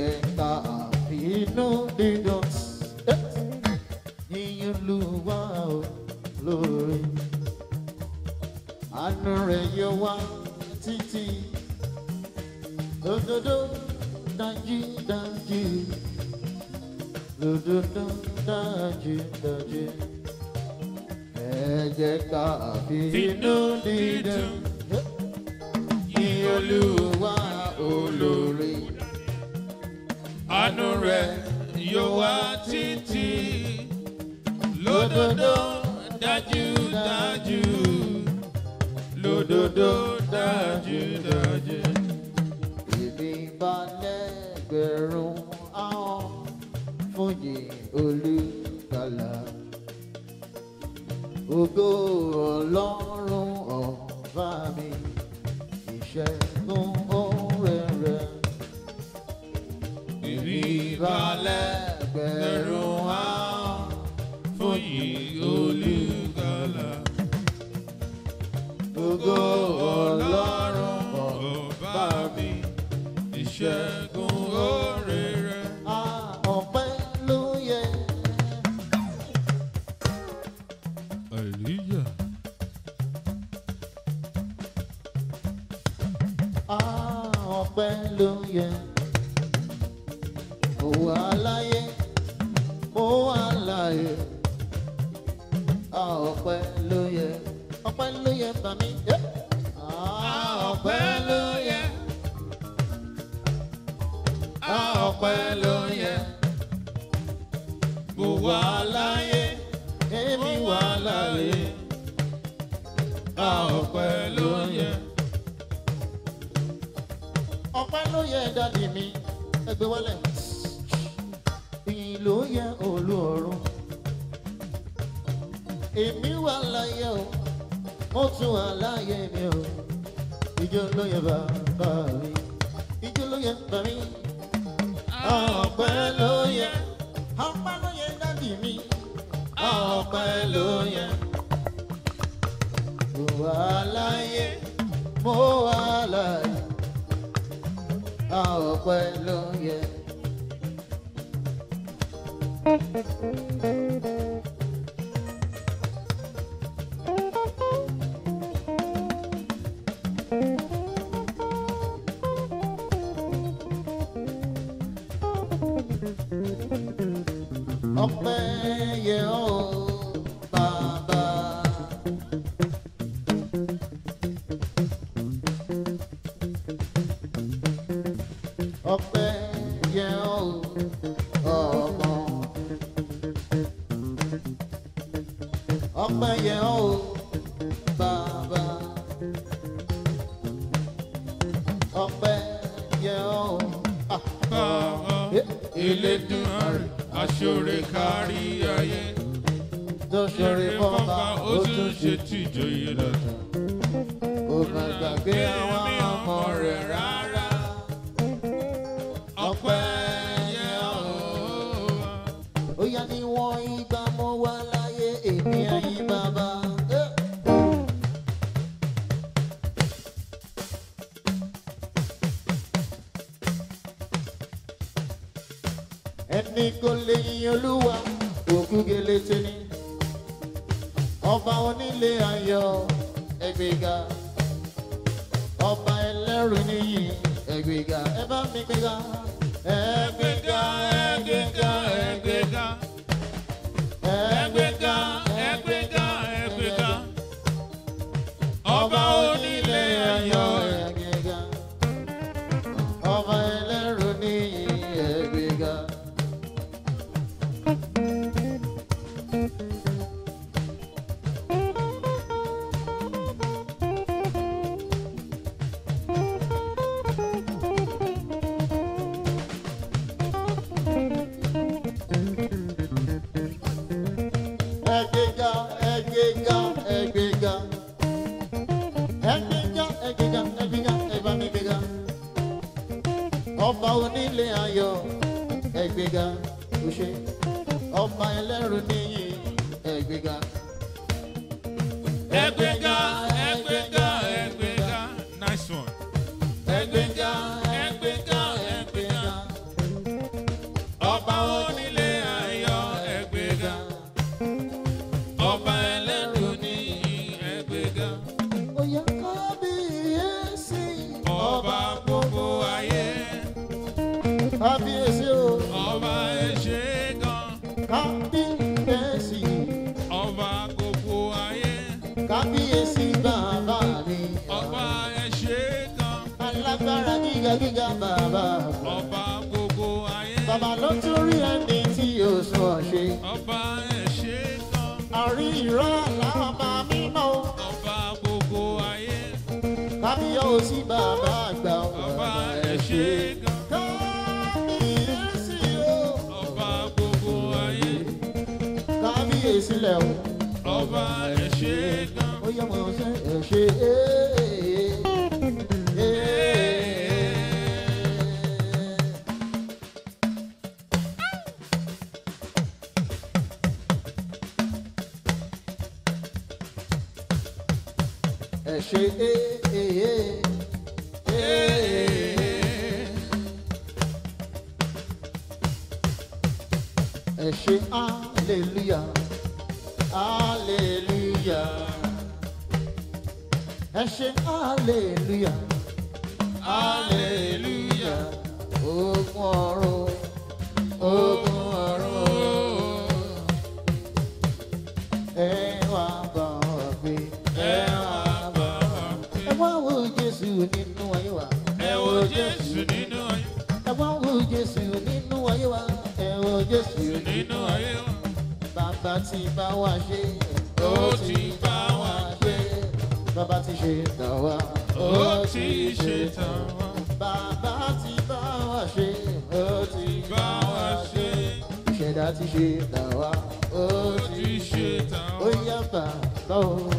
kẹta inú dídùn yíyún lùwà lórí àánú rẹ̀ yóò wá títí lódodo dájúdájú lódodo dájúdájú ẹ jẹ́ ká finú dídùn yíyún lùwà olórí. àánú rẹ̀ yóò wá títí lódodo dájúdájú. Hallelujah, bẹ̀rù wá fún yìí olùgbàlà. Gbogbo ọlọ́run ọba mi ìṣẹ́gun oore rẹ̀. Ọpẹ́ ló yẹ. Àlìyà. Ọpẹ́ ló láyé mo wà láyé a ọpẹ́ ló yẹ ọpẹ́ ló yẹ bà mí. a ọpẹ́ ló yẹ a ọpẹ́ ló yẹ mo wà láyé èmi wà láyé a ọpẹ́ ló yẹ. ọpẹ́ ló yẹ dádì mi ẹgbẹ́ wọlé ló yẹ olú ọ̀run èmi wà láyé o mo tún wà láyé mi o ìjọ ló yẹ bàbá mi ìjọ ló yẹ bàbá mi ọpẹ́ ló yẹ ọpẹ́ ló yẹ dádì mi ọpẹ́ ló yẹ mo wà láyé mo wà láyé ọpẹ́ ló yẹ. Oh, yeah, oh. ṣoore kárí ayé tó ṣoore fọ́fà ó tún ṣe tìjòyè lọ́tọ̀ ó má gbàgbé àwọn ọmọ rẹ̀ rárá ọpẹ́. ọba onílé ayọ̀ ẹgbẹ̀ga ọba ẹlẹ́rù níyì ẹgbẹ̀ga ẹ bá mi gbéga ẹgbẹ̀ga ẹgbẹ̀ga ẹgbẹ̀ga. ẹrù níyì ẹgbẹ́ga. ẹgbẹ́ga nice one. ẹgbẹ́ga ẹgbẹ́ga ẹgbẹ́ga. ọba onílé ayọ̀ ẹgbẹ́ga. ọba ẹlẹ́rù níyì ẹgbẹ́ga. oyè kábíyèsí. ọba gbogbo ayé. kábíyèsí o. ọba ẹ ṣe é gan. jẹ́ gíga bàbá. Ọba gbogbo ayé. Bàbá ló tún rí ẹni tí yóò sún ọ̀ṣẹ́. Ọba ẹ̀ ṣe tán. Àrí ìrọ̀ làwọn ọba mímọ́. Ọba gbogbo ayé. Kábíyọ̀ ò sí bàbá àgbà ọ̀rọ̀. Ọba ẹ̀ ṣe gan. Kábíyèsí o. Ọba gbogbo ayé. Kábíyèsí lẹ̀ o. Ọba ẹ̀ ṣe gan. Ó yẹ mọ̀ ọ́ sẹ́ ṣe é. ṣe é é é é. ẹ ṣe hallelujah hallelujah ẹ ṣe hallelujah hallelujah ogun ọ̀run ogun. Jesu, Jésù nínú ayé. Ẹ wá wo Jesu, nínú ayé wa, ẹ wo Jesu, nínú ayé wa. Bàbá ti bá wa ṣe, ó ti bá wa gbé. Bàbá ti ṣe tàn wá, ó ti ṣe tàn wá. Bàbá ti bá wa ṣe, ó ti bá wa ṣe. Ìṣẹ̀dá ti ṣe tàn wá, ó ti ṣe tàn wá. Ó yá bàbá o,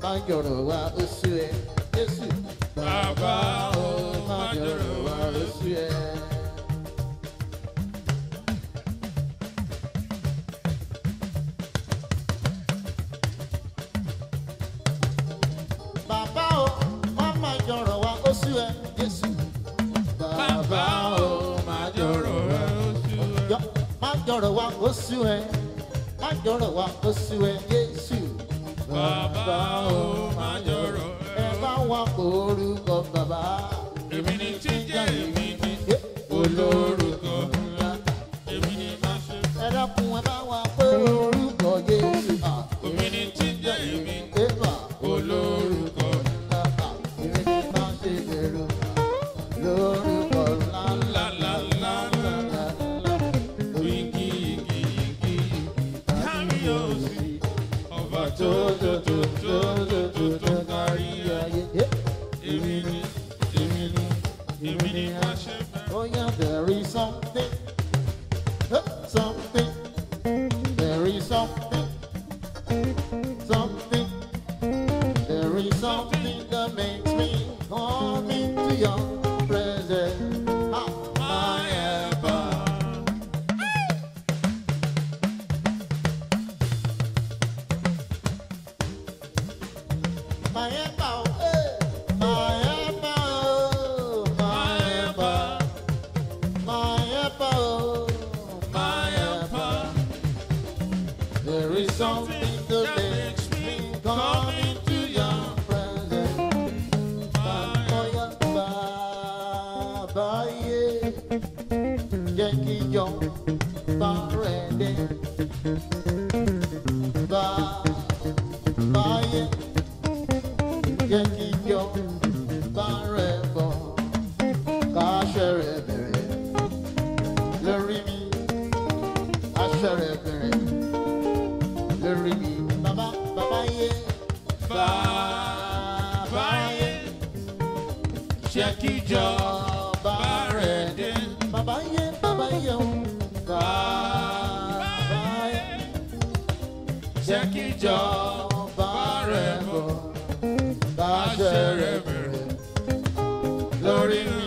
máa ń jọ̀rọ̀ wá, ó sú ẹ, Jésù. Bàbá o. jọ̀rọ̀ wa kó sú ẹ Jésù. Bàbá o máa jọ̀rọ̀ ẹ bá wa orúkọ bàbá. Èmi ni tí jẹ́ èmi ni olórúkọ Èmi ni máa ṣe. Ẹ dákun ẹ bá jẹ́ kíjọba rẹ̀ bọ̀ bá ṣe rẹ̀ bẹ̀rẹ̀ lórí mi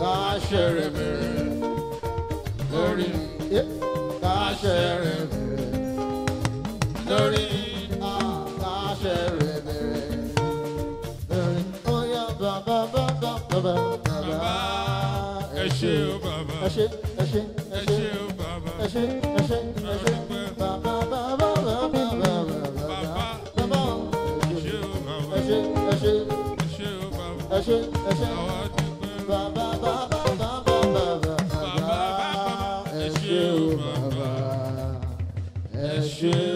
bá ṣe rẹ̀ bẹ̀rẹ̀ lórí mi bá ṣe rẹ̀ bẹ̀rẹ̀ lórí mi bá ṣe rẹ̀ bẹ̀rẹ̀ lórí ọ̀yà bàbá bàbá bàbá bàbá ẹ ṣé o bàbá ẹ ṣé ẹ ṣé ẹ ṣé ẹ ṣé ẹ ṣé ẹ ṣé. Baba, ẹ ṣé o baba, ẹ ṣé o.